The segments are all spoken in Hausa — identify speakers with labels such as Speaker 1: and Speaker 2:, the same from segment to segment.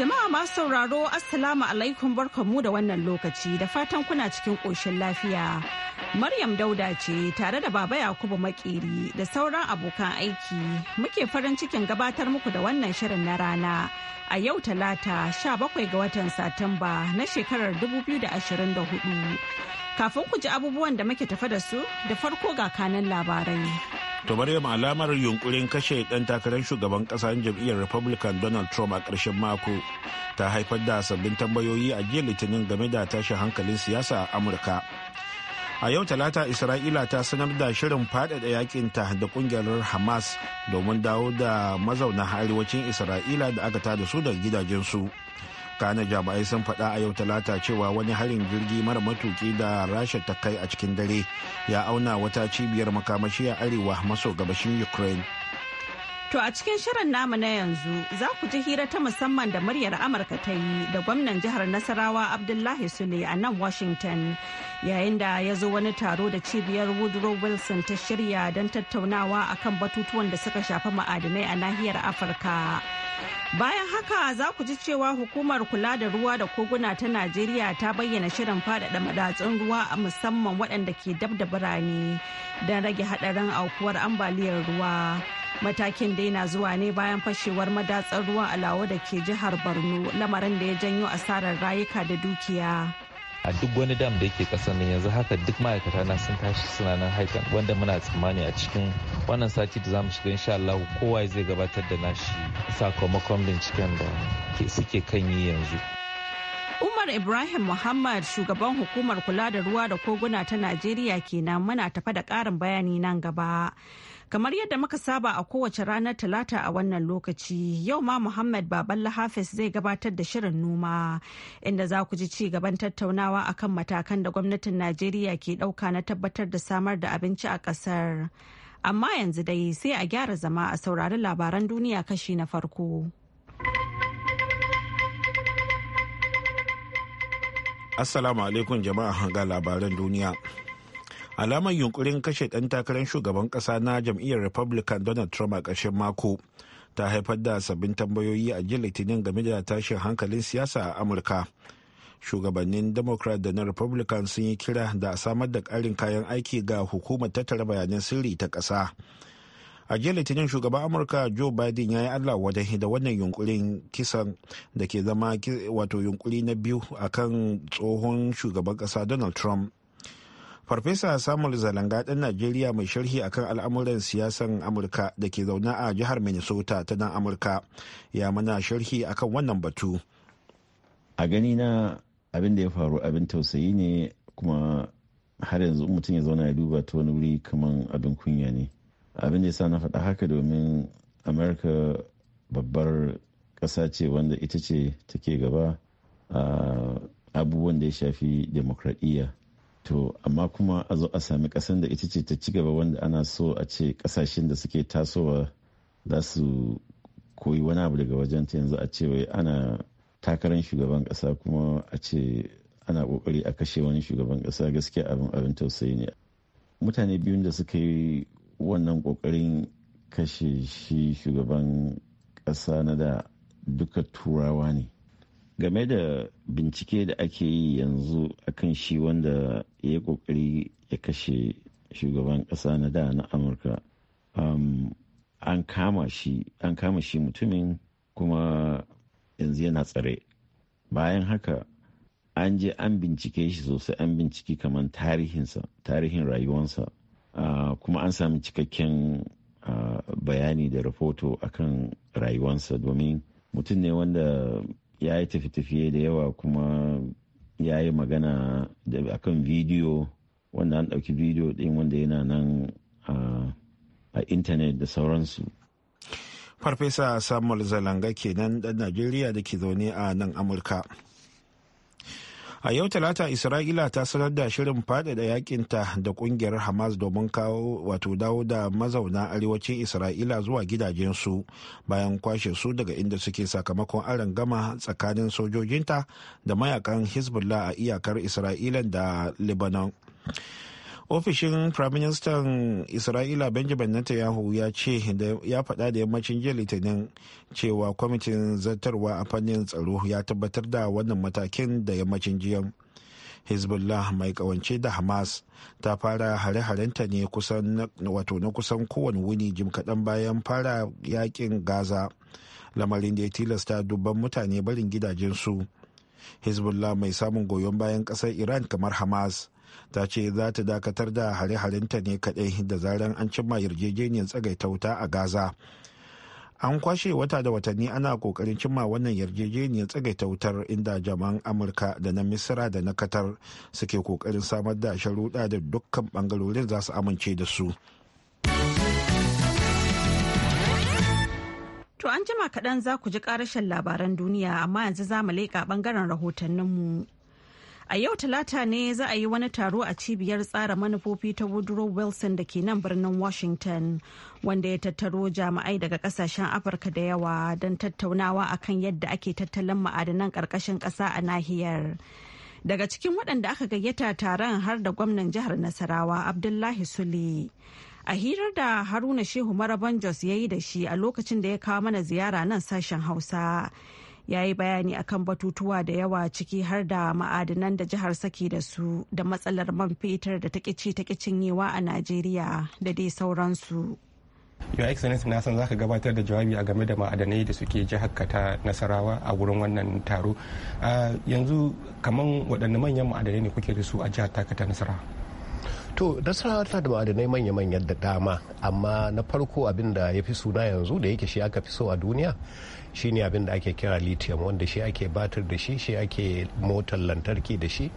Speaker 1: Jama'a masu sauraro Assalamu alaikum mu da wannan lokaci da fatan kuna cikin ƙoshin lafiya. Maryam Dauda ce tare da Baba Yakubu Makeri da sauran abokan aiki muke farin cikin gabatar muku da wannan shirin na rana a yau talata 17 ga watan Satumba na shekarar 2024. Kafin ku ji abubuwan da muke tafa da su da farko ga kanan labarai.
Speaker 2: To Maryam alamar yunkurin kashe ɗan takarar shugaban ƙasar jam'iyyar Republican Donald Trump a ƙarshen mako ta haifar da sabbin tambayoyi a jiya litinin game da tashin hankalin siyasa a Amurka. A yau talata Isra'ila ta sanar da shirin faɗaɗa ta da ƙungiyar Hamas domin dawo da mazauna arewacin Isra'ila da aka tada su daga gidajen su. kana jami'ai sun faɗa a yau talata cewa wani harin jirgi mara matuki da rasha ta kai a cikin dare ya auna wata cibiyar makamashi a arewa maso gabashin ukraine
Speaker 1: To a cikin shirin namu na yanzu za ku ji hira ta musamman da muryar Amurka ta yi da gwamnan jihar Nasarawa Abdullahi Sule a nan Washington yayin da ya zo wani taro da cibiyar Woodrow Wilson ta shirya don tattaunawa a kan batutuwan da suka shafi ma'adinai a nahiyar Afirka. Bayan haka za ku ji cewa hukumar kula da ruwa da koguna ta Najeriya ta bayyana shirin faɗaɗa madatsun ruwa a musamman waɗanda ke dab da birane don rage haɗarin aukuwar ambaliyar ruwa. matakin dai na zuwa ne bayan fashewar madatsar ruwan alawo da ke jihar borno lamarin da ya janyo asarar rayuka da dukiya
Speaker 3: a duk wani dam da yake kasan nan yanzu haka duk ma'aikata na sun tashi suna nan haikan wanda muna tsammani a cikin wannan sati da zamu shiga insha Allah kowa zai gabatar da nashi sakamakon binciken da suke kan yi yanzu
Speaker 1: Umar Ibrahim Muhammad shugaban hukumar kula da ruwa da koguna ta Najeriya kenan muna tafa da karin bayani nan gaba. Kamar yadda muka saba a kowace ranar Talata a wannan lokaci, yau ma Muhammad Baballa Hafiz zai gabatar da shirin noma inda za ku ji ci gaban tattaunawa akan matakan da gwamnatin Najeriya ke dauka na tabbatar da samar da abinci a kasar Amma yanzu dai sai a gyara zama a saurari labaran duniya kashi na farko.
Speaker 2: Assalamu alaikum jama'a ga labaran duniya. alamar yunkurin kashe ɗan takarar shugaban ƙasa na jam'iyyar republican donald trump a ƙarshen mako ta haifar da sabbin tambayoyi a jin litinin game da tashin hankalin siyasa a amurka shugabannin democrat da na republican sun yi kira da a samar da ƙarin kayan aiki ga hukumar tattara bayanan sirri ta ƙasa a jiya litinin shugaban amurka joe biden ya yi allah wadai da wannan yunkurin kisan da ke zama wato yunkuri na biyu akan tsohon shugaban ƙasa donald trump farfesa samuel zalanga ɗan najeriya mai sharhi akan al'amuran siyasan amurka da ke zaune a jihar minnesota ta nan amurka ya mana sharhi akan wannan batu
Speaker 4: a gani na abin da ya faru abin tausayi ne kuma har yanzu mutum ya zauna ya duba ta wani wuri kamar abin kunya ne abin da ya sa na faɗa haka domin amurka babbar ƙasa ce wanda ita ce take gaba a abubuwan da ya shafi demokradiyya to amma kuma a zo a sami kasan da ita ce ta ci gaba wanda ana so a ce kasashen da suke tasowa za su koyi wani abu daga wajen ta yanzu a ce wai ana takarar shugaban kasa kuma a ce ana kokari a kashe wani shugaban kasa gaskiya abin abin tausayi ne mutane biyun da suka yi wannan kokarin kashe shi shugaban kasa na da duka turawa ne game da bincike da ake yi yanzu akan shi wanda ya yi kokari ya kashe shugaban kasa na da na amurka um, an kama shi an kama shi mutumin kuma yanzu yana tsare bayan haka an je an bincike shi sosai an bincike kamar tarihinsa tarihin rayuwansa uh, kuma an sami cikakken uh, bayani da rahoto akan rayuwansa domin mutum ne wanda ya yi tafi-tafiye da yawa kuma ya yi magana da akan bidiyo wanda an ɗauki bidiyo ɗin wanda yana nan a intanet da sauransu
Speaker 2: farfesa samuel zalanga kenan ɗan najeriya da ke zaune a nan amurka a yau talata isra'ila ta sanar da shirin faɗaɗa yakinta da ƙungiyar hamas domin kawo wato dawo da mazauna arewacin isra'ila zuwa gidajensu bayan kwashe su daga inda suke sakamakon aron gama tsakanin sojojinta da mayakan hezbollah a iyakar isra'ila da lebanon ofishin prime minister isra'ila benjamin netanyahu ya ce ya faɗa da yammacin jiya litinin cewa kwamitin zartarwa a fannin tsaro ya tabbatar da wannan matakin da yammacin jiya hezbollah mai kawance da hamas ta fara hare-harenta ne wato na kusan kowane wuni jim kaɗan bayan fara yakin gaza lamarin da ya tilasta dubban mutane barin gidajensu hezbollah mai samun goyon bayan ƙasar iran kamar hamas ta ce za ta dakatar da hare-harenta ne kadai da zaren an cimma yarjejeniyar tsagaita wuta a gaza an kwashe wata da watanni ana kokarin cimma wannan yarjejeniyar tsagaita wutar inda jaman amurka da na misira da na katar suke kokarin samar da sharuɗa da dukkan bangarorin za su amince da su
Speaker 1: To an jima kaɗan za ku ji ƙarashin labaran duniya amma yanzu za mu leƙa ɓangaren rahotanninmu. mu. A yau Talata ne za a yi wani taro a cibiyar tsara manufofi ta Woodrow Wilson da ke nan birnin Washington, wanda ya tattaro jami'ai daga kasashen Afirka da yawa don tattaunawa akan yadda ake tattalin ma'adanan ƙarƙashin ƙasa a nahiyar. Daga cikin waɗanda aka gayyata taron har da gwamnan jihar Nasarawa Abdullahi Sule. A hirar da Haruna Shehu Maraban Jos ya yi da shi a lokacin da ya kawo mana ziyara nan sashen Hausa. ya yi bayani akan batutuwa da yawa ciki har da ma'adanan da jihar sake da su da matsalar man fetur da ta ƙici ta a najeriya da dai sauransu
Speaker 5: your excellency na san zaka gabatar da jawabi a game da ma'adanai da suke jihar ta nasarawa a wurin wannan taro yanzu kaman waɗanne manyan ma'adanai ne kuke da su a jihar ta nasarawa to nasarawa tana da ma'adanai manya-manya da dama amma na farko abin da ya fi suna yanzu da yake shi aka fi so a duniya shine abin da ake kira lithium wanda shi ake batir da shi shi ake motar lantarki da shi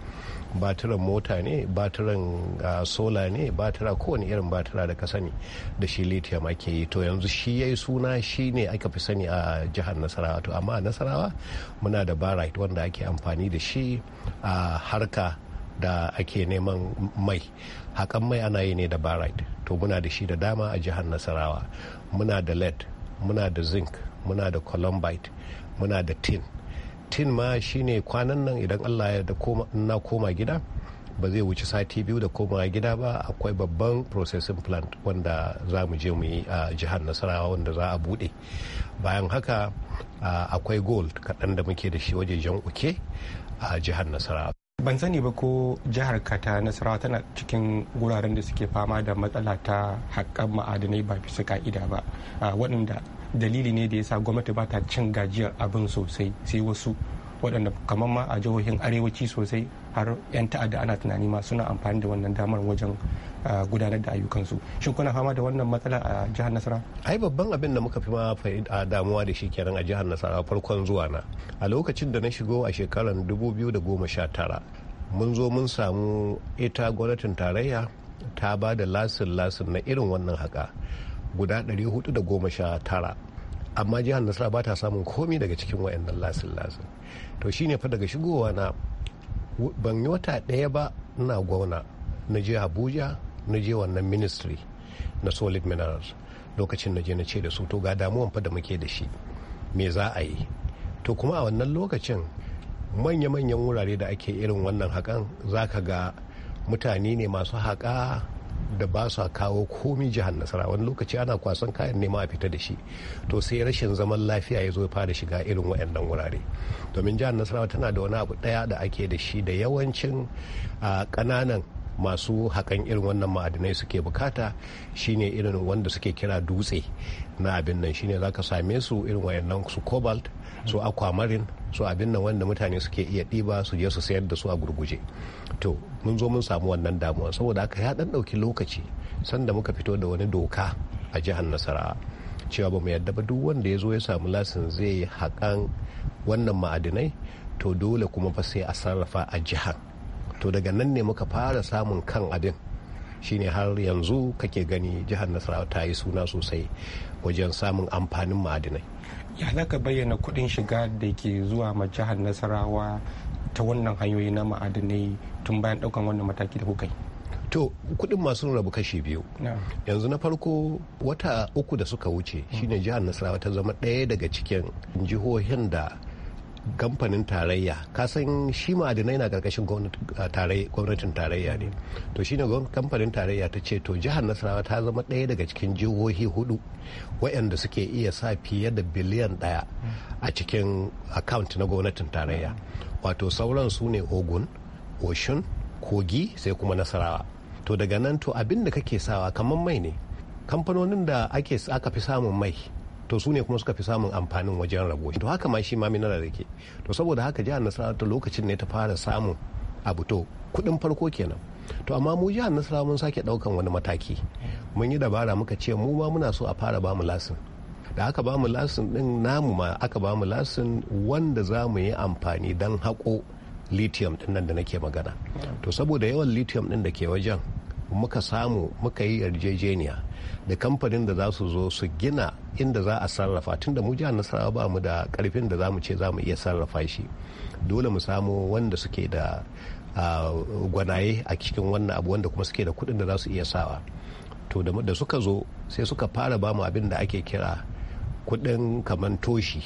Speaker 5: batiran mota ne batiran ah, sola ne batira kowane irin batira da ka sani da shi lithium ake yi to yanzu shi ya yi suna shi ne aka fi sani a jihar nasarawa to amma a nasarawa muna da barite wanda ake amfani da shi a harka da ake neman mai hakan mai ana yi ne da barite to muna da shi da dama a jihar nasarawa muna da lead muna da zinc muna da columbite muna da tin tin ma shine kwanan nan idan allah ya da na koma gida ba zai wuce sati biyu da koma gida ba akwai babban processing plant wanda za mu je mu yi a jihar nasarawa wanda za a bude bayan haka akwai gold kaɗan da muke da shi waje jan uke a jihar nasarawa ban sani ba ko jihar kata nasarawa tana cikin wuraren da suke fama da matsala ta haƙƙan ma'adanai ba bisa ka'ida ba waɗanda dalili ne da ya sa gwamnati ba ta cin gajiyar abin sosai sai wasu waɗanda kamar ma a jihohin arewaci sosai har 'yan ta'adda ana tunani ma suna amfani da wannan damar wajen gudanar da ayyukansu shin kuna fama da wannan matsala a jihar nasara ai babban abin da muka fi ma a damuwa da shi kenan a jihar nasara farkon zuwa na a lokacin da na shigo a shekarar 2019 mun zo mun samu ita gwamnatin tarayya ta ba da lasin lasin na irin wannan haka guda 419 amma jihar nasara ba ta samun komi daga cikin wayannan lasin lasin to shine fa daga shigowa na ban yi wata ɗaya ba na gwauna na je abuja na je wannan ministry na solid minerals lokacin na je na ce da su to ga damuwan fa da muke da shi me za a yi to kuma a wannan lokacin manya-manyan wurare da ake irin wannan hakan za ka ga mutane ne masu haƙa da ba sa kawo komi jihar nasara wani lokaci ana kwasan kayan nema a fita da shi to sai rashin zaman lafiya ya zo ya fara shiga irin waɗannan wurare domin jihar nasarawa tana da wani abu ɗaya da ake da shi da yawancin ah, ƙananan masu hakan irin wannan ma'adinai suke bukata shine irin wanda suke kira dutse na abin nan shine zaka same su irin wayannan su cobalt su aquamarine su abin nan wanda mutane suke iya ɗiba su je su sayar da su a gurguje to mun zo mun samu wannan damuwa saboda haka ya dan ɗauki lokaci sanda muka fito da wani doka a jihar nasarawa cewa ba mu yadda ba duk wanda ya zo ya samu lasin zai hakan wannan ma'adinai to dole kuma fa sai a sarrafa a jihar to daga nan ne muka fara samun kan abin shine har yanzu kake gani jihar nasarawa ta yi suna sosai wajen samun amfanin ma'adinai ya zaka bayyana kuɗin shiga da ke zuwa ma jihar nasarawa ta wannan hanyoyi na ma'adinai tun bayan ɗaukan wannan mataki da kuka yi to kudin masu rabu kashi biyu yanzu na farko wata uku da suka wuce shine jihar nasarawa ta zama ɗaya daga cikin jihohin da kamfanin tarayya kasan shi ma'adinai na karkashin gwamnatin tarayya ne to shi ne kamfanin tarayya ta ce to jihar nasarawa ta zama ɗaya daga cikin jihohi hudu waɗanda suke iya sa fiye da biliyan ɗaya a cikin account na gwamnatin tarayya wato sauran su ne ogun oshun kogi sai kuma nasarawa to daga nan to abin da kake sawa kamar mai ne kamfanonin da ake aka fi samun mai to su ne kuma suka fi samun amfanin wajen rabo to haka ma shi ma da ke. to saboda haka jihar nasarawa ta lokacin ne ta fara samun abu to kuɗin farko kenan to amma mu jihar nasarawa mun sake ɗaukan wani mataki mun yi dabara muka ce mu ma muna so a fara bamu lasin da aka bamu lasin din namu ma aka bamu lasin wanda za mu yi amfani don haƙo lithium din nan da nake magana to saboda yawan lithium din da ke wajen muka samu muka yi yarjejeniya da kamfanin da za su zo su gina inda za a sarrafa tun da mu jihar nasarawa ba mu da karfin da za mu ce za mu iya sarrafa shi dole mu samu wanda suke da gwanaye a cikin wannan abu wanda kuma suke da kuɗin da za su iya sawa to da suka zo sai suka fara ba mu abin da ake kira kuɗin kaman toshi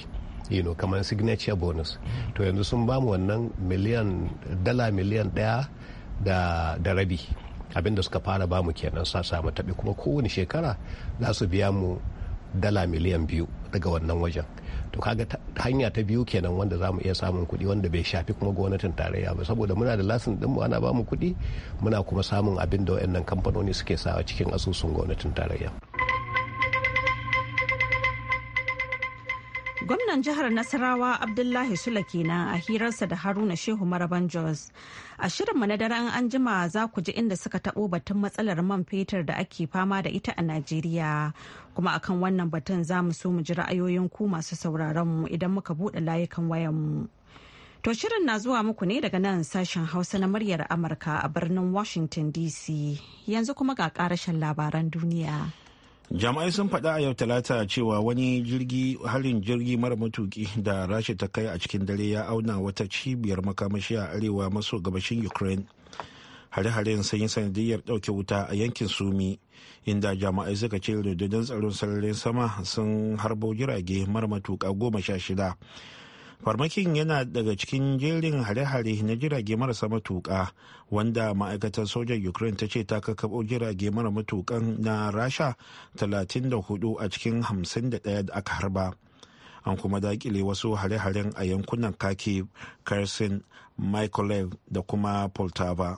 Speaker 5: you know, kamar signature bonus to yanzu sun ba mu wannan miliyan dala miliyan daya da, da rabi abinda suka fara ba mu kenan sa samu tabi kuma kowane shekara za su biya mu dala miliyan biyu daga wannan wajen to kaga hanya ta biyu kenan wanda za mu iya samun kuɗi wanda bai shafi kuma gwamnatin tarayya ba saboda muna da lasin din mu ana bamu kuɗi muna kuma samun abin da wayannan kamfanoni suke sawa cikin asusun gwamnatin tarayya
Speaker 1: Gwamnan jihar Nasarawa Abdullahi Sula kenan a hirarsa da Haruna Shehu Maraban Jos. A shirinmu na daren an jima za ku ji inda suka taɓo batun matsalar man fetur da ake fama da ita a Najeriya. Kuma akan wannan batun za mu so mu ji ra'ayoyin ku masu sauraron mu idan muka buɗe layukan wayan mu. To shirin na zuwa muku ne daga nan sashen Hausa na muryar Amurka a birnin Washington DC. Yanzu kuma ga ƙarashin labaran duniya.
Speaker 2: jama'ai sun faɗa a yau talata cewa wani jirgi halin jirgi mara matuki da rasha ta kai a cikin dare ya auna wata cibiyar makamashi a arewa maso gabashin ukraine hare-haren sun yi sanadiyar ɗauke wuta a yankin sumi inda jama'ai suka ce rundunar tsaron sararin sama sun harbo jirage mara matuka goma sha shida farmakin yana daga cikin jerin hare-hare na jirage marasa matuka wanda ma'aikatar sojan ukraine ta ce ta kakabo jirage mara matukan na rasha 34 a cikin 51 da aka harba an kuma dakile wasu hare-haren a yankunan kaki kersin michael da kuma poltava.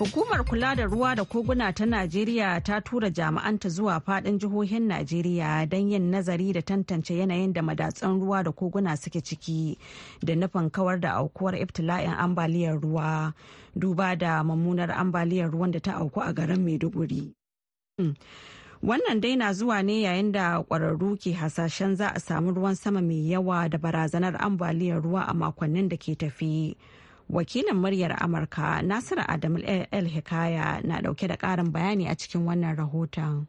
Speaker 1: Hukumar kula da ruwa da koguna ta Najeriya ta tura jami'anta zuwa fadin jihohin Najeriya don yin nazari da tantance yanayin da madatsan ruwa da koguna suke ciki da nufin kawar da aukuwar ibtila'in ambaliyar ruwa duba da mummunar ambaliyar ruwan da ta auku a garin Maiduguri. Wannan dai na zuwa ne yayin da ƙwararru ke hasashen za a samu ruwan sama mai yawa da barazanar ambaliyar ruwa a makonnin da ke tafi. wakilin muryar amurka nasiru adamu el hikaya na dauke da karin bayani a cikin wannan rahoton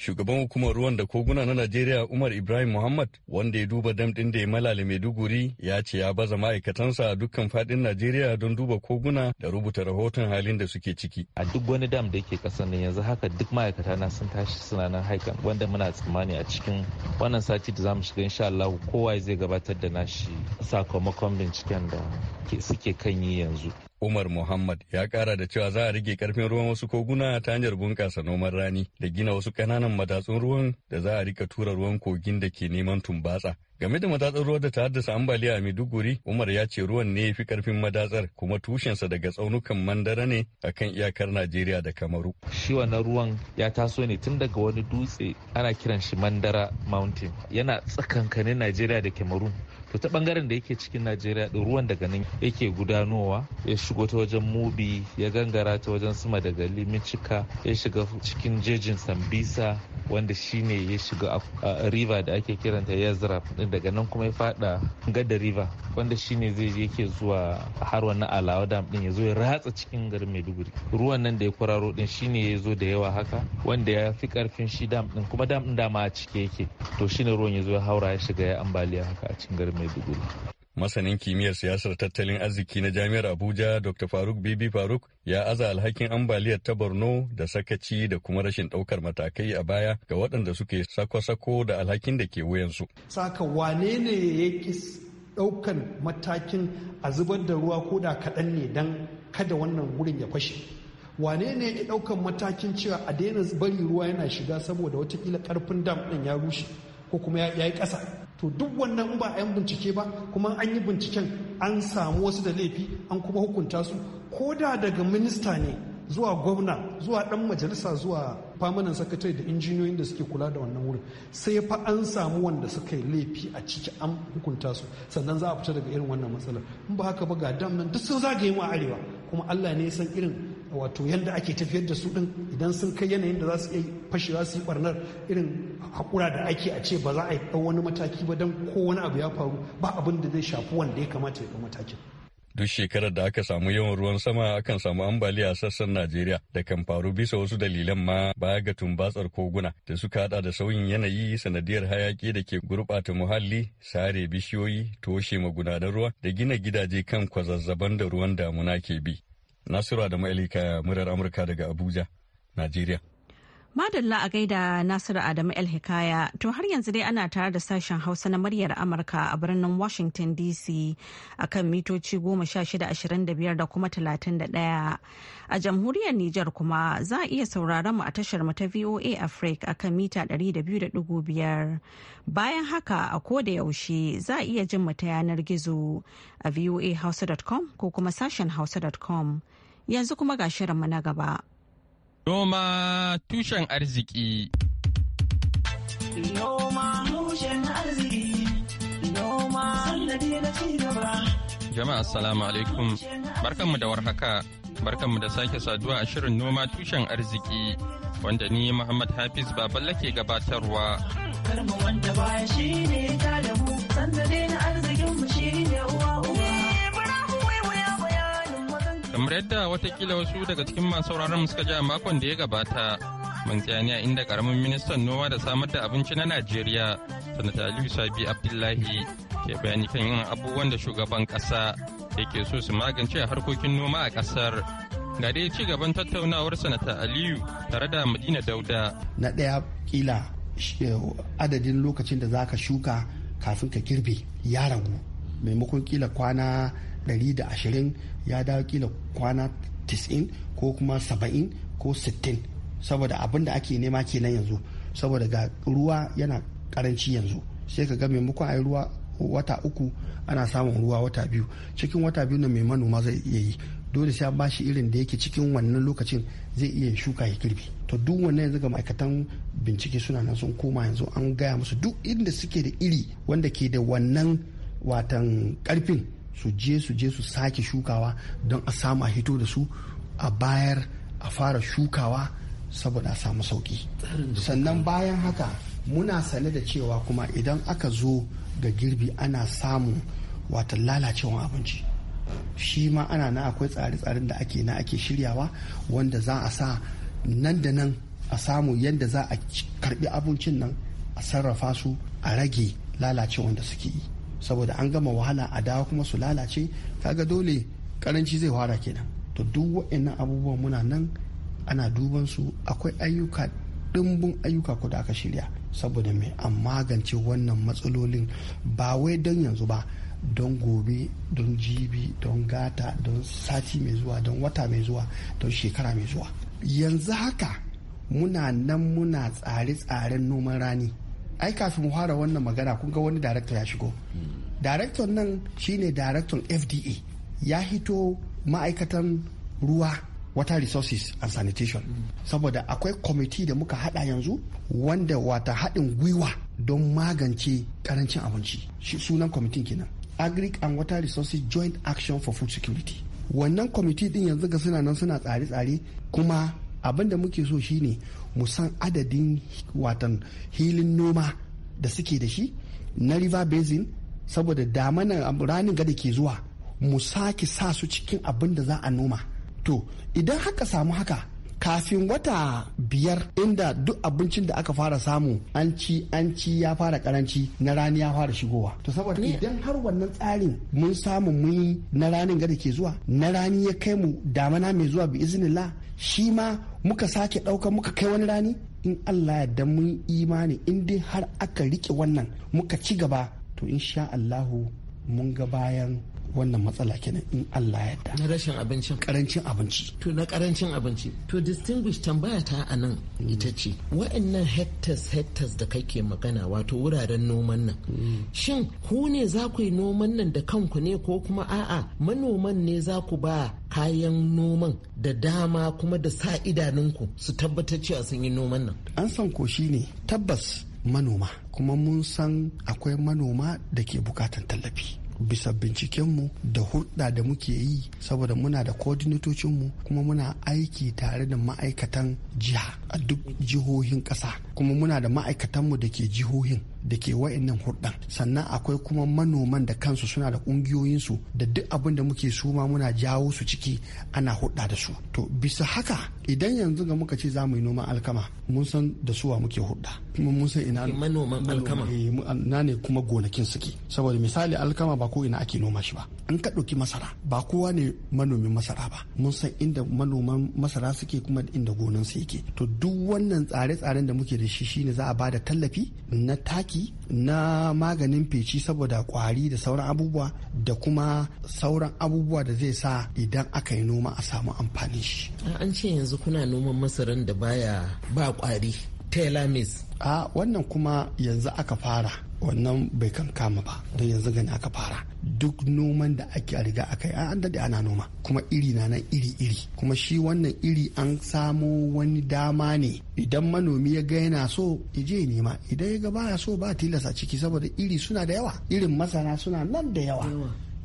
Speaker 6: shugaban hukumar ruwan da koguna na Najeriya Umar Ibrahim Muhammad wanda ya duba dam din da ya malale Maiduguri ya ce ya baza ma'aikatansa a dukkan fadin Najeriya don duba koguna da rubuta rahoton halin da suke ciki. A duk wani dam da yake kasan nan yanzu haka duk ma'aikata na sun tashi suna nan haikan wanda muna tsammani a cikin
Speaker 3: wannan sati da zamu shiga insha Allah kowa zai gabatar da nashi sakamakon binciken
Speaker 6: da suke kan yi yanzu. Umar Muhammad ya kara da cewa za a rage karfin ruwan wasu koguna ta hanyar bunƙasa noman rani da gina wasu ƙananan matatsun ruwan da za a rika tura ruwan kogin da ke neman tumbatsa. Game da matatsun ruwan da ta haddasa ambaliya a Maiduguri, Umar ya ce ruwan ne ya fi karfin madatsar kuma tushensa daga tsaunukan mandara ne akan iyakar Najeriya da Kamaru. Shi wannan ruwan ya taso ne tun daga wani
Speaker 3: dutse ana kiran shi mandara mountain yana tsakankanin Najeriya da Kamaru. to ta bangaren da yake cikin najeriya da ruwan daga nan yake gudanowa ya shigo ta wajen mubi ya gangara ta wajen sama daga limicika ya shiga cikin jejin sambisa wanda shine ya shiga a river da ake kiranta yazra daga nan kuma ya fada gada river wanda shine zai yake zuwa har wani alawa dam din ya zo ya ratsa cikin garin maiduguri ruwan nan da ya kwararo din shine ya zo da yawa haka wanda ya fi karfin shi dam din kuma dam din dama a cike yake
Speaker 6: to shine ruwan ya zo ya haura ya shiga ya ambaliya haka a cikin garin maiduguri masanin kimiyyar siyasar tattalin arziki na jami'ar abuja dr faruk bibi faruk ya aza alhakin ambaliyar ta borno da sakaci da kuma rashin daukar matakai a baya ga waɗanda suke sako-sako da alhakin da ke wuyansu
Speaker 7: saka wane ne ya ki daukan matakin a zubar da ruwa ko da kaɗan ne don kada wannan wurin ya fashe wane ne ya daukan matakin cewa a daina bari ruwa yana shiga saboda watakila ƙarfin dam ɗin ya rushe ko kuma ya yi ƙasa to duk wannan ba a yan bincike ba kuma an yi binciken an samu wasu da laifi an kuma hukunta su ko da daga minista ne zuwa gwamna zuwa dan majalisa zuwa famanan sakatare da injiniyoyin da suke kula da wannan wurin sai fa an samu wanda suka yi laifi a ciki an hukunta su sannan za a fita daga irin wannan matsalar in ba haka ba ga dam nan duk sun zagaye mu a arewa kuma Allah ne ya san irin wato yadda ake tafiyar da su din idan sun kai yanayin da za su iya za su yi barnar irin haƙura da ake a ce ba za a yi wani mataki ba don ko wani abu ya faru ba abin da zai shafi wanda ya kamata ya ɗau matakin.
Speaker 6: duk shekarar da aka samu yawan ruwan sama akan samu ambaliya a sassan Najeriya da kan faru bisa wasu dalilan ma baya ga tumbatsar koguna da suka hada da sauyin yanayi sanadiyar hayaki da ke gurɓata muhalli, sare bishiyoyi, toshe magudanan ruwa da gina gidaje kan kwazazzaban da ruwan damuna ke bi. Nasiru Adamu Elika murar Amurka daga Abuja, Najeriya.
Speaker 1: Madalla a gaida Nasiru Adamu El Hikaya, to har yanzu dai ana tare da sashen Hausa na muryar Amurka a birnin Washington DC a kan mitoci 1625 da kuma 31. A jamhuriyar Nijar kuma za a iya sauraron mu a tashar mu ta VOA Africa a kan mita 200.5. Bayan haka a koda yaushe za a iya jin mu ta yanar gizo a voahausa.com ko kuma sashen hausa.com. yanzu kuma ga shirinmu na gaba.
Speaker 8: Noma tushen arziki. Noma
Speaker 9: tushen arziki. Noma sannadi na cigaba.
Speaker 8: Jama'a assalamu alaikum. Barkanmu da warhaka. Barkanmu da sake saduwa a shirin noma tushen arziki wanda ni Muhammad Hafiz Baballe ke gabatarwa.
Speaker 3: Karmu
Speaker 9: wanda baya shi ne ta da mu, dai na arzikinmu shi ne uwa
Speaker 8: kamar yadda watakila wasu daga cikin masu sauraron suka ji a makon da ya gabata mun tsaya inda karamin ministan noma da samar da abinci na najeriya sanata aliyu sabi abdullahi ke bayani kan yin abubuwan da shugaban kasa yake so su magance harkokin noma a kasar ga dai ci gaban tattaunawar sanata aliyu tare da madina dauda
Speaker 7: na ɗaya kila eh, adadin lokacin da zaka shuka kafin ka girbe ya ragu maimakon kila kwana 120 ya dawo kila kwana 90 ko kuma 70 ko 60 saboda abin da ake nema kenan yanzu saboda ga ruwa yana karanci yanzu sai ka ga maimakon a yi ruwa wata uku ana samun ruwa wata biyu cikin wata biyu na mai manoma zai iya yi dole sai ba shi irin da yake cikin wannan lokacin zai iya shuka ya girbi to duk wannan yanzu ga ma'aikatan bincike suna nan sun koma yanzu an gaya musu duk inda suke da iri wanda ke da wannan watan karfin su je su je su sake shukawa don a samu a hito da su a bayar a fara shukawa saboda a samu sauki sannan bayan haka muna sane da cewa kuma idan aka zo ga girbi ana samu wata lalacewa abinci shi ma ana na akwai tsare-tsaren da ake na ake shiryawa wanda za a sa nan da nan a samu yadda za a karbi abincin nan a sarrafa su a rage lalacewan da suke yi saboda an gama wahala a dawa kuma su lalace kaga dole karanci zai fara kenan to duk wa'annan abubuwan muna nan ana duban su akwai ayyuka dimbin ayyuka ko da aka shirya saboda mai an magance wannan matsalolin ba wai don yanzu ba don gobe don jibi don gata don sati mai zuwa don wata mai zuwa don shekara mai zuwa yanzu haka muna nan muna tsare-tsaren noman rani ai kafin mu fara wannan magana kun ga wani director ya shigo director nan shine director fda ya hito ma'aikatan ruwa water resources and sanitation saboda akwai committee da muka hada yanzu wanda wata haɗin gwiwa don magance karancin abinci sunan committee kenan agric and water resources joint action for food security wannan committee din yanzu ga suna nan suna tsare-tsare kuma abin da muke so shine mu san adadin watan hilin noma da suke da shi na river basin saboda damanan ranin gada ke zuwa mu sake sa su cikin abin da za a noma to idan haka samu haka kafin wata biyar inda duk abincin da aka fara samu an ci an ci ya fara karanci na rani ya fara shigowa to saboda idan har wannan tsarin mun samu mun na ranin gada ke zuwa na rani ya kai mu damana mai zuwa bi iznillah shi ma muka sake ɗauka muka kai wani rani in allah da mun imani in dai har aka rike wannan muka ci gaba to insha allahu mun ga bayan wannan matsala kenan in Allah ya da. Na rashin abincin. Karancin abinci. To na karancin abinci. To distinguish
Speaker 9: tambaya ta a nan ita ce, wa'annan hectares hectares da kake magana wato wuraren noman nan. Shin ku ne za ku yi noman nan da kanku ne ko kuma a'a
Speaker 7: manoman ne za ku ba kayan noman da dama kuma da sa idanunku su tabbatar cewa sun yi noman nan an san ko shi ne tabbas manoma kuma mun san akwai manoma da ke bukatan tallafi bisa bincikenmu da hulɗa da muke yi saboda muna da kodinatocinmu kuma muna aiki tare da ma'aikatan jiha a duk jihohin ƙasa kuma muna da ma'aikatanmu da ke jihohin da ke wa'annan hurdan sannan akwai kuma manoman da kansu suna da ƙungiyoyinsu da duk abin da muke suma muna jawo su ciki ana hurda da su to bisa haka idan yanzu ga muka ce za mu yi noman alkama mun san da suwa muke hurda kuma mun san ina
Speaker 5: manoman alkama
Speaker 7: eh, ah, na ne kuma gonakin suke saboda misali alkama ba ko ina ake noma shi ba in ka ɗauki masara ba kowa ne manomin masara ba mun san inda manoman masara suke kuma inda gonansu yake to duk wannan tsare-tsaren da muke da shi shine za a ba da tallafi na taki jiki na maganin feci saboda kwari da sauran abubuwa da kuma sauran abubuwa da zai sa idan aka yi noma a samu amfani shi
Speaker 9: an ce yanzu kuna noman
Speaker 7: masaran da baya ba kwari telamis a wannan kuma yanzu aka fara wannan bai kan kama ba don yanzu gani aka fara duk noman da ake riga aka yi an daɗe ana noma kuma iri na nan iri iri kuma shi wannan iri an samo wani dama ne idan manomi ya ga yana so ya je nema idan ya ga baya so ba tilasa ciki saboda iri suna da yawa irin masana suna nan da yawa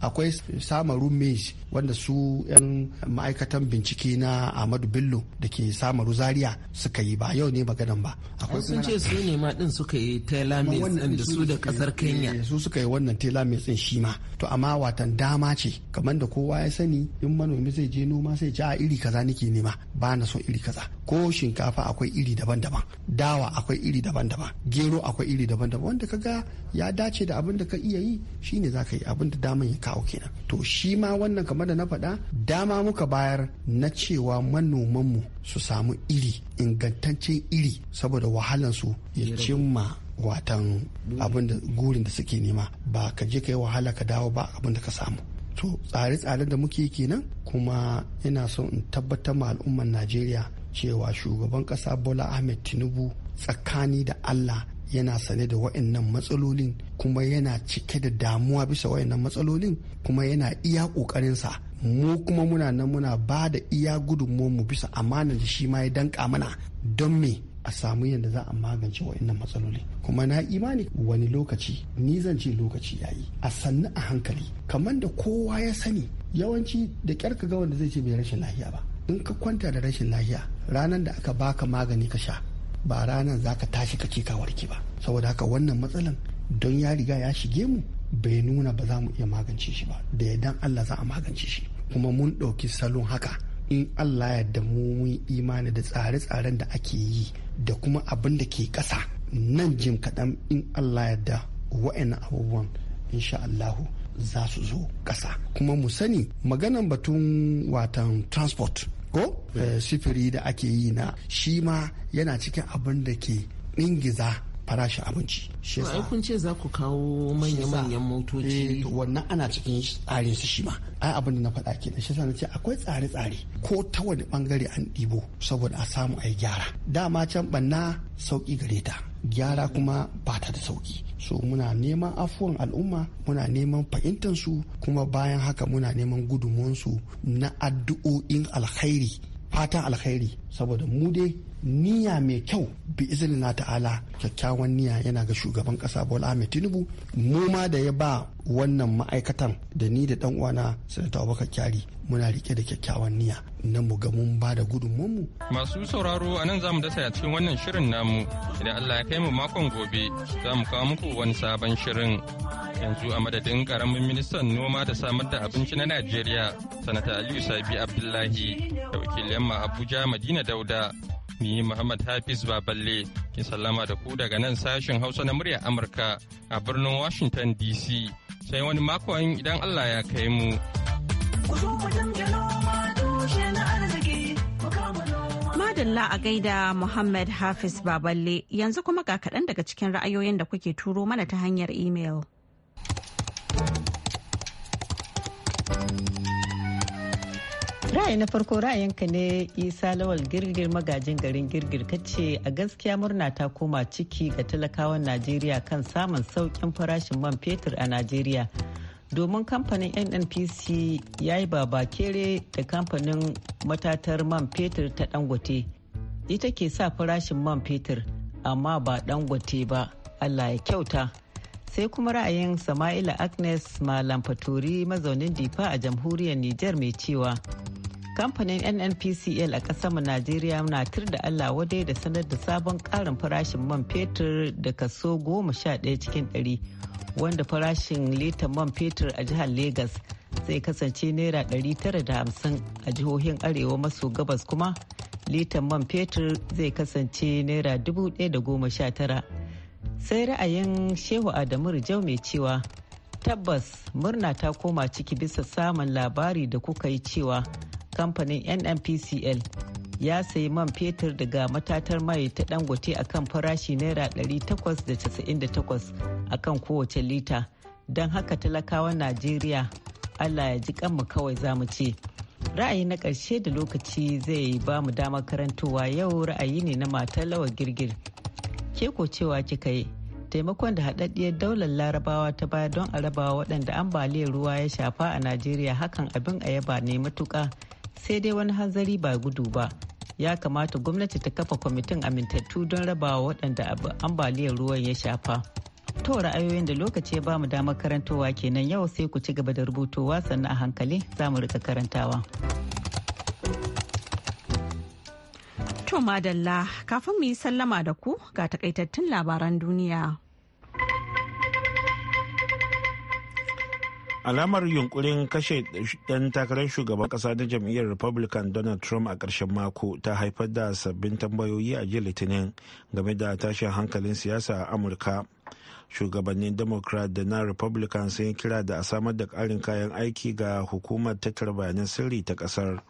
Speaker 7: akwai samarun maize wanda su 'yan ma'aikatan bincike na Ahmadu Bello da ke samaru Zariya suka yi ba yau ne maganan ba. Akwai sun ce su ne ma din suka yi tela da su da kasar Kenya. Eh, su suka yi wannan tela din shi ma. To amma watan dama ce kamar da kowa ya sani in manomi zai je noma sai ci a iri kaza nake nema ba na so iri kaza. Ko shinkafa akwai iri daban-daban, dawa akwai iri daban-daban, gero akwai iri daban-daban wanda kaga ya dace da abin da ka iya yi shine za ka yi abin da daman ya kawo kenan. To shi ma wannan kamar kamar na faɗa dama muka bayar na cewa manomanmu su samu iri ingantaccen iri saboda wahalansu ya cimma watan abin da gurin da suke nema ba ka je ka yi wahala ka dawo ba abin da ka samu to tsare tsare da muke kenan kuma ina so in tabbatar ma al'umman najeriya cewa shugaban kasa bola ahmed tinubu tsakani da allah yana sane da wa'annan matsalolin kuma yana cike da damuwa bisa wa'annan matsalolin kuma yana iya ƙoƙarinsa mu kuma muna nan muna ba da iya mu bisa amana da shi ma ya danka mana don me a samu yadda za a magance wa'annan matsaloli kuma na imani wani lokaci ni zan ce lokaci yayi a sannu a hankali kamar da kowa ya sani yawanci da kyar ga wanda zai ce bai rashin lahiya ba in ka kwanta da rashin lahiya ranar da aka baka magani ka sha ba ranar za ka tashi ka ce ka warke ba saboda haka wannan matsalan don ya riga ya shige mu bai nuna ba za mu iya magance shi ba da yardan Allah za a magance shi kuma mun ɗauki salon haka in Allah ya mu yi imani da tsare-tsaren da ake yi da kuma abin da ke ƙasa nan jim kaɗan in Allah ya da wa'annan abubuwan insha Allahu za su zo ƙasa kuma mu sani maganan batun watan transport ko eh, sifiri da ake yi na shi ma yana cikin abin da ke ɗingiza farashin abinci shi yasa kun ce za ku kawo manya-manyan motoci eh, wannan ana cikin tsarin su shi ma ai abin da na faɗa da shi yasa na ce akwai tsare-tsare ko ta wani bangare an ɗibo saboda a samu a yi gyara dama can banna sauki gare ta gyara kuma ba ta da sauki so muna neman afuwan al'umma muna neman fahimtar su kuma bayan haka muna neman gudunmuwansu na addu'o'in alkhairi fatan alkhairi saboda mu dai niyya mai kyau bi izinin ta'ala kyakkyawan niyya yana ga shugaban kasa bola ahmed tinubu mu ma da ya ba wannan ma'aikatan da ni da dan uwana sanata abubakar kyari muna rike da kyakkyawan niyya na mu ga mun ba da gudunmu
Speaker 8: masu sauraro a nan zamu dasa cikin wannan shirin namu idan allah ya kai mu makon gobe za mu kawo muku wani sabon shirin yanzu a madadin karamin ministan noma da samar da abinci na najeriya sanata aliyu sabi abdullahi da wakilin abuja madina dauda ni Muhammad Hafiz Baballe ke sallama da ku daga nan sashen Hausa na muryar Amurka a birnin Washington DC sai wani makon idan Allah ya kai mu.
Speaker 9: Madalla
Speaker 1: a gaida Muhammad Hafiz Baballe yanzu kuma ga kaɗan daga cikin ra'ayoyin da kuke turo
Speaker 9: mana ta hanyar email ra'ayi na farko ra'ayinka ne isa lawal girgir magajin garin girgir kace a gaskiya murna ta koma ciki ga talakawan najeriya kan samun saukin farashin man fetur a najeriya domin kamfanin nnpc ya yi babakere da kamfanin matatar man fetur ta dangote ita ke sa farashin man fetur amma ba dangote ba allah ya kyauta sai kuma ra'ayin sama'ila agnes malam fatori mazaunin difa a jamhuriyar niger mai cewa kamfanin nnpcl a ƙasarmu najeriya na tur da allah wadai da sanar da sabon karin farashin man fetur da kaso goma sha ɗaya cikin ɗari wanda farashin litan man fetur a jihar Legas zai kasance naira ɗari tara da hamsin a jihohin arewa maso gabas kuma litan man fetur zai kasance naira dubu ɗaya da goma sha tara sai ra'ayin shehu adamu rijau mai cewa tabbas murna ta koma ciki bisa samun labari da kuka yi cewa kamfanin nnpcl ya sayi man fetur daga matatar mai ta dangote a kan farashi naira 898 a kan kowace lita don haka talakawan najeriya allah ya ji kanmu kawai za mu ce ra'ayi na ƙarshe da lokaci zai ba mu damar karantowa yau ra'ayi ne na matar lawa girgir ke ko cewa kika yi taimakon da haɗaɗɗiyar daular larabawa ta baya don a rabawa waɗanda ambaliyar ruwa ya shafa a najeriya hakan abin a yaba ne matuƙa sai dai wani hanzari ba gudu ba ya kamata gwamnati ta kafa kwamitin amintattu don rabawa waɗanda ambaliyar ruwan ya shafa to ra'ayoyin da lokaci ya bamu damar karantowa kenan yau sai ku ci gaba da rubutowa sannan a hankali za mu rika karantawa
Speaker 1: to madalla kafin mu yi sallama da ku ga takaitattun labaran duniya
Speaker 2: alamar yunkurin kashe dan takarar shugaban kasa na jam'iyyar republican donald trump a ƙarshen mako ta haifar da sabbin tambayoyi a jiya litinin game da tashin hankalin siyasa a amurka shugabannin democrat da na republican sun yi kira da a samar da ƙarin kayan aiki ga hukumar tattara bayanan sirri ta ƙasar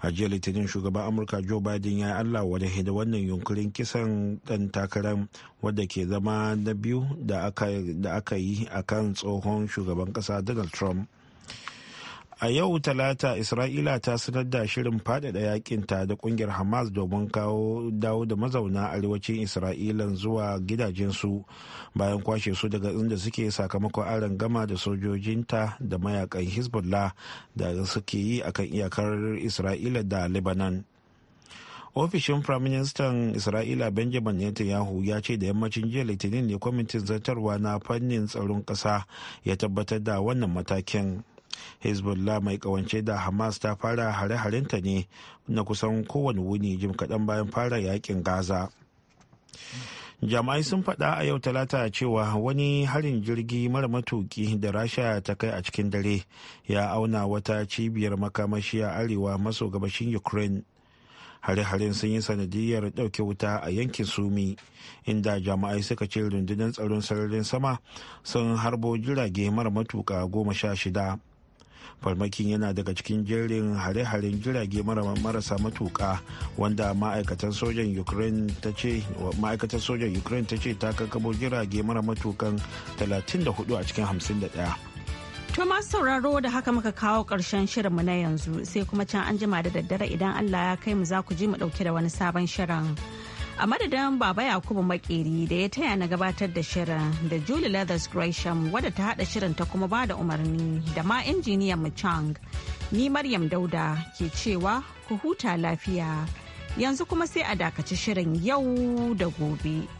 Speaker 2: a jiya litinin shugaban amurka joe biden ya yi allah wajen da wannan yunkurin kisan dan takarar wadda ke zama na biyu da aka yi a kan tsohon shugaban kasa donald trump a yau talata isra'ila ta sanar da shirin faɗaɗa yakinta da ƙungiyar hamas domin kawo dawo da mazauna arewacin isra'ila zuwa gidajensu bayan kwashe su daga inda suke sakamakon aron gama da sojojinta da mayakan hezbollah da suke yi a kan iyakar isra'ila da lebanon ofishin firaministan isra'ila benjamin netanyahu ya ce da yammacin jiya litinin ne kwamitin zartarwa na fannin tsaron ƙasa ya tabbatar da wannan matakin hezbollah mai kawance da hamas ta fara hare-harenta ne na kusan kowane wuni jim kaɗan bayan fara yakin gaza jama'ai sun faɗa a yau talata cewa wani harin jirgi mara matuki da rasha ta kai a cikin dare ya auna wata cibiyar makamashi a arewa maso gabashin ukraine hare-haren sun yi sanadiyar ɗauke wuta a yankin sumi inda jama'ai suka ce rundunar tsaron sararin sama sun harbo jirage mara matuka goma sha shida farmakin yana daga cikin jerin hare-haren jirage marasa matuka wanda ma'aikatan sojan ukraine ta ce ma'aikatar sojan ukraine ta ce ta kakabo jirage mara matukan 34 a cikin 51
Speaker 1: To masu sauraro da haka muka kawo ƙarshen shirinmu na yanzu sai kuma can an jima da daddare idan Allah ya kai mu za ku ji mu ɗauke da wani sabon shirin. a madadin baba yakubu makeri da ya taya na gabatar da shirin da julie leathers gresham wadda ta hada shirin ta kuma ba da umarni da ma injiniyan mu chang ni maryam dauda ke cewa ku huta lafiya yanzu kuma sai a dakaci shirin yau da gobe.